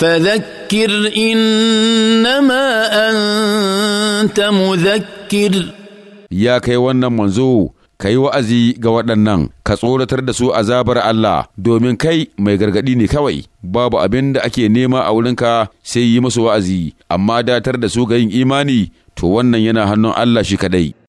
فذكر إنما أنت مذكر يا كي wannan manzo kai wa'azi ga waɗannan ka tsoratar da su azabar Allah domin kai mai gargaɗi ne kawai babu abin da ake nema a wurinka sai yi musu wa'azi amma datar da su ga yin imani to wannan yana hannun Allah shi kadai